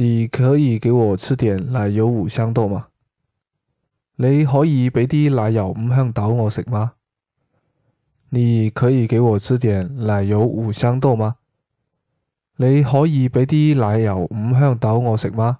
你可以給我吃點奶油五香豆嗎？你可以俾啲奶油五香豆我食嗎？你可以給我吃點奶油五香豆嗎？你可以俾啲奶油五香豆我食嗎？